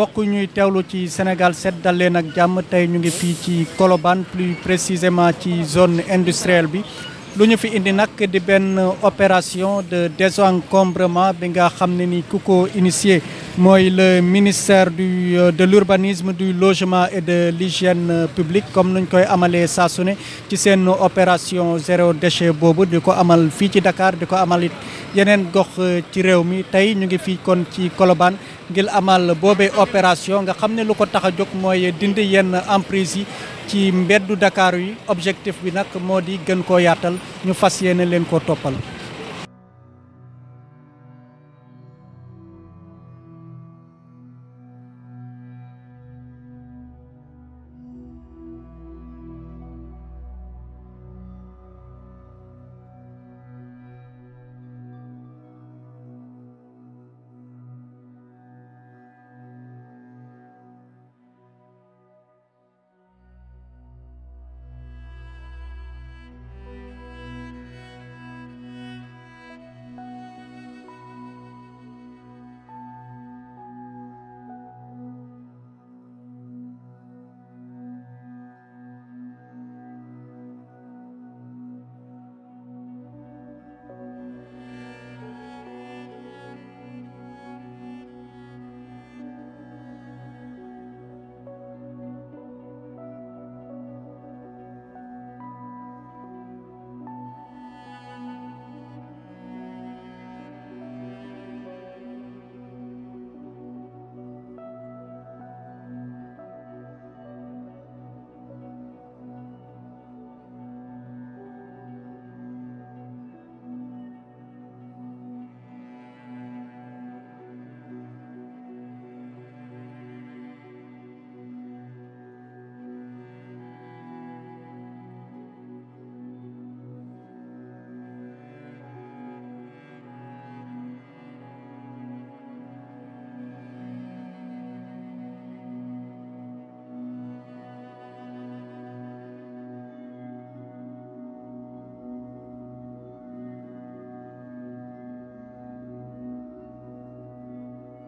mbokk ñuy teewlu ci Sénégal set dal leen ak jàmm tey ñu ngi fii ci Colobane plus précisément ci zone industrielle bi lu ñu fi indi nag di benn opération de désencombrement bi nga xam ne ni ku ko initié mooy le ministère du euh, de l'urbanisme du logement et de l'hygiène euh, publique comme nuñ koy amalee saa su ne ci seen opération zéro déchet boobu di ko amal fii ci Dakar di ko amal yeneen gox euh, ci réew mi tey ñu ngi fii kon ci Colobane ngir amal boobe opération nga xam ne lu ko tax a jóg mooy dind yenn emprise yi ci mbeddu Dakar yi objectif bi nag moo di gën ko yaatal ñu fas yéene leen ko toppal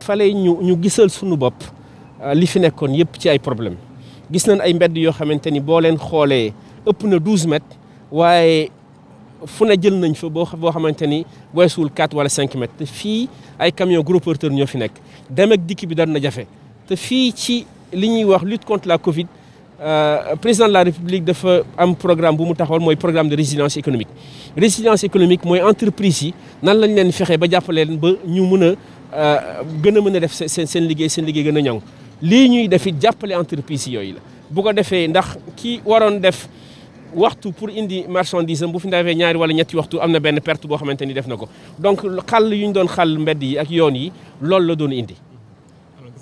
fale ñu ñu gisal sunu bopp euh, li fi nekkoon yëpp ci ay problème gis nañ ay mbedd yoo xamante ni boo leen xoolee ëpp na douze mètres waaye fu ne jël nañ fa boo boo xamante ni weesuwul quatre wala cinq mètres te fii ay camion gros porteur ñoo fi nekk dem ak dikk bi daan na jafe te fii ci li ñuy wax lutte contre la Covid euh, président de la République dafa am programme bu mu taxawal mooy programme de résilience économique résilience économique mooy entreprise yi nan lañ leen fexe ba jàppale ba ñu mën a Euh, gën a mën a def seen seen liggéey seen liggéey gën a ñoŋ lii ñuy def it jàppale entreprise yooyu la bu ko defee ndax ki waroon def waxtu pour indi marchandise am bu fi ndawee ñaari wala ñetti waxtu am na benn perte boo xamante ni def na ko donc xàll yu ñu doon xàll mbedd yi ak yoon yi loolu la doon indi.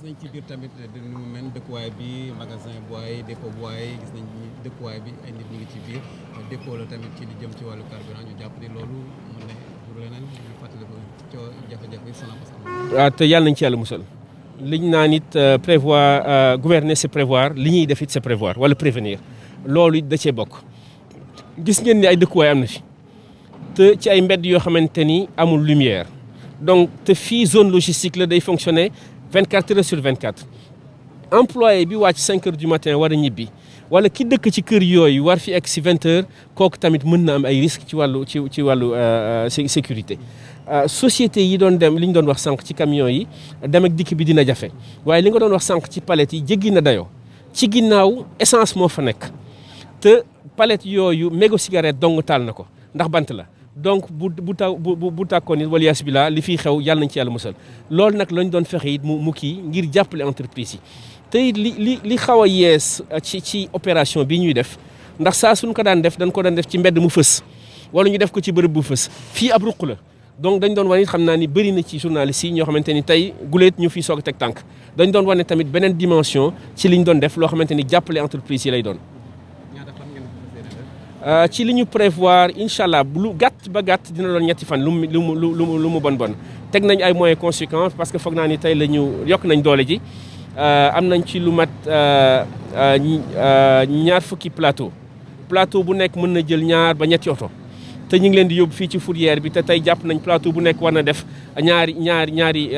nañ ci tamit euh, ni mu mel dëkkuwaay bi magasin bois dépôt bois gis nañ dëkkuwaay bi ay nit ngi ci biir dépôt la tamit ci li jëm ci wàllu carburant ñu jàpp waaw ah, te yàlla nañ ci yàlla musal liñ naa nit euh, prévoir euh, gouverner c'est prévoir li ñuy def it c'est prévoir wala prévenir loolu it da cee bokk gis ngeen ni ay dëkkuwaay am na fi te ci ay mbedd yoo xamante ni amul lumière donc te fii zone logistique la day fonctionner vingt quatre heures sur vingt quatre employé bi wàcc cinq heures du matin war a ñibbi wala ki dëkk ci kër yooyu war fi egg si vingt kooku tamit mën na am ay risques ci wàllu ci ci wàllu euh, euh, sécurité euh, société yi doon dem li ñu doon wax sànq ci camion yi dem ak dikk bi dina jafe waaye li nga doon wax sànq ci palette yi jéggi na dayo ci ginnaaw essence moo fa nekk te palette yooyu mégo cigarette dong taal na ko ndax bant la donc bu bu taw bu bu tàkkoon nit bi laa li fiy xew yàlla nañ ci yàlla lool loolu nag ñu doon fexe it mu mu kii ngir jàppale entreprise yi tey li li li xaw a yees euh, ci ci opération bi ñuy def ndax saa suñ ko daan def dañ ko daan def ci mbedd mu fës wala ñu def ko ci bërëb bu fës fii ab ruq la donc dañu doon wane xam naa ni bëri na ci journalistes yi ñoo xamante ni tey guleet ñu fi soog a teg tànk dañ doon wane tamit beneen dimension ci li ñu doon def loo xamante ni jàppale entreprise yi lay doon euh, ci li ñu prévoir incha allah lu gàtt ba gàtt dina doon ñetti fan lu mu lu mu lu mu bon bon teg nañ ay moyen conséquents parce que foog naa ni tey la ñu yokk nañ doole ji Euh, am nañ ci lu mat euh, euh, ñaar fukki plateau plateau bu nekk mën na jël ñaar ba ñetti oto te ñu ngi leen di yóbbu fii ci fourrière bi te tey jàpp nañ plateau bu nekk war na def ñaari ñaari ñaari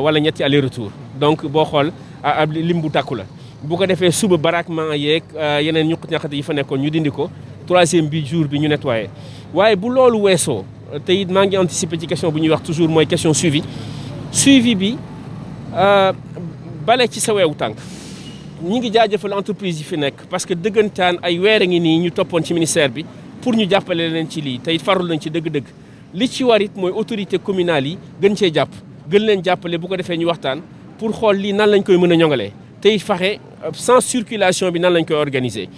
wala ñetti aller retour donc boo xool ab lim bu takku la bu ko defee suba baraquement yeeg yeneen ñuqut ñaqat yi fa nekkoon ñu dindi ko troisième bi jour bi ñu nettoyé waaye bu loolu weesoo te it maa ngi anticiper ci question bu ñuy wax toujours mooy question suivi suivi bi bale ci sa tànk ñi ngi jaajëfal entreprise yi fi nekk parce que dëggantaan ay weer a ngi nii ñu toppoon ci ministère bi pour ñu jàppale leen ci lii tey farul nañ ci dëgg-dëgg li ci war it mooy autorité communale yi gën cee jàpp gën leen jàppale bu ko defee ñu waxtaan pour xool lii nan lañ koy mën a ñongalee tey faxe euh, sans circulation bi nan lañ koy organiser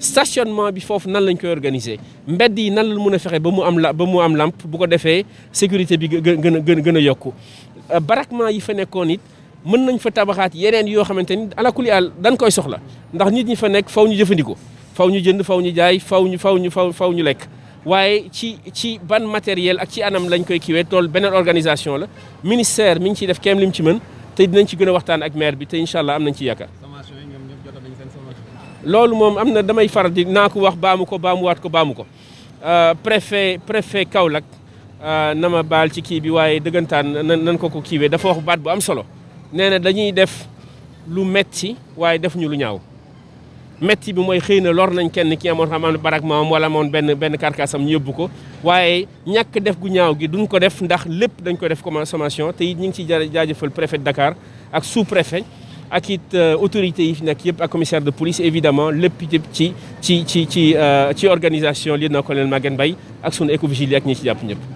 stationnement bi foofu nan lañ koy organiser mbedd yi nan la mën a fexe ba mu am la ba mu am lampe bu ko defee sécurité bi gën a gën a gën a yokku euh, baraquement yi fa nekkoon it mën nañ fa tabaxaat yeneen yoo xamante ni alakuli àll dañ koy soxla ndax nit ñi fa nekk faw ñu jëfandikoo faw ñu jënd faw ñu jaay faw ñu faw ñu faw faw ñu lekk waaye ci ci ban matériel ak ci anam lañ koy kiwee tool beneen organisation la ministère mi ngi ciy def kéem lim ci mën te dinañ ci gën a waxtaan ak maire bi te incha allah am nañ ci yaakaar. loolu moom am na damay faral di naa ko wax baamu ko baamuwaat ko baamu ko euh, préfet préfet Kaolack euh, nama baal ci kii bi waaye dëggantaan nan nan ko ko kiiwee dafa wax baat bu am solo. nee na dañuy def lu metti waaye defuñu lu ñaaw metti bi mooy xëy na loor nañ kenn ki amoon xam am barak maam wala amoon benn benn karkaasam ñu yóbbu ko waaye ñàkk def gu ñaaw gi duñ ko def ndax lépp dañ ko def comme sommation te it ñu ngi ciy jaajëfal préfet Dakar ak sous préfet ak it euh, autorités yi fi nekk yëpp ak commissaire de police évidemment lépp yëpp ci ci ci ci euh, ci organisation lieutenant colonel Maguette Mbaye ak sunu écovigile ak ñi ci jàpp ñëpp.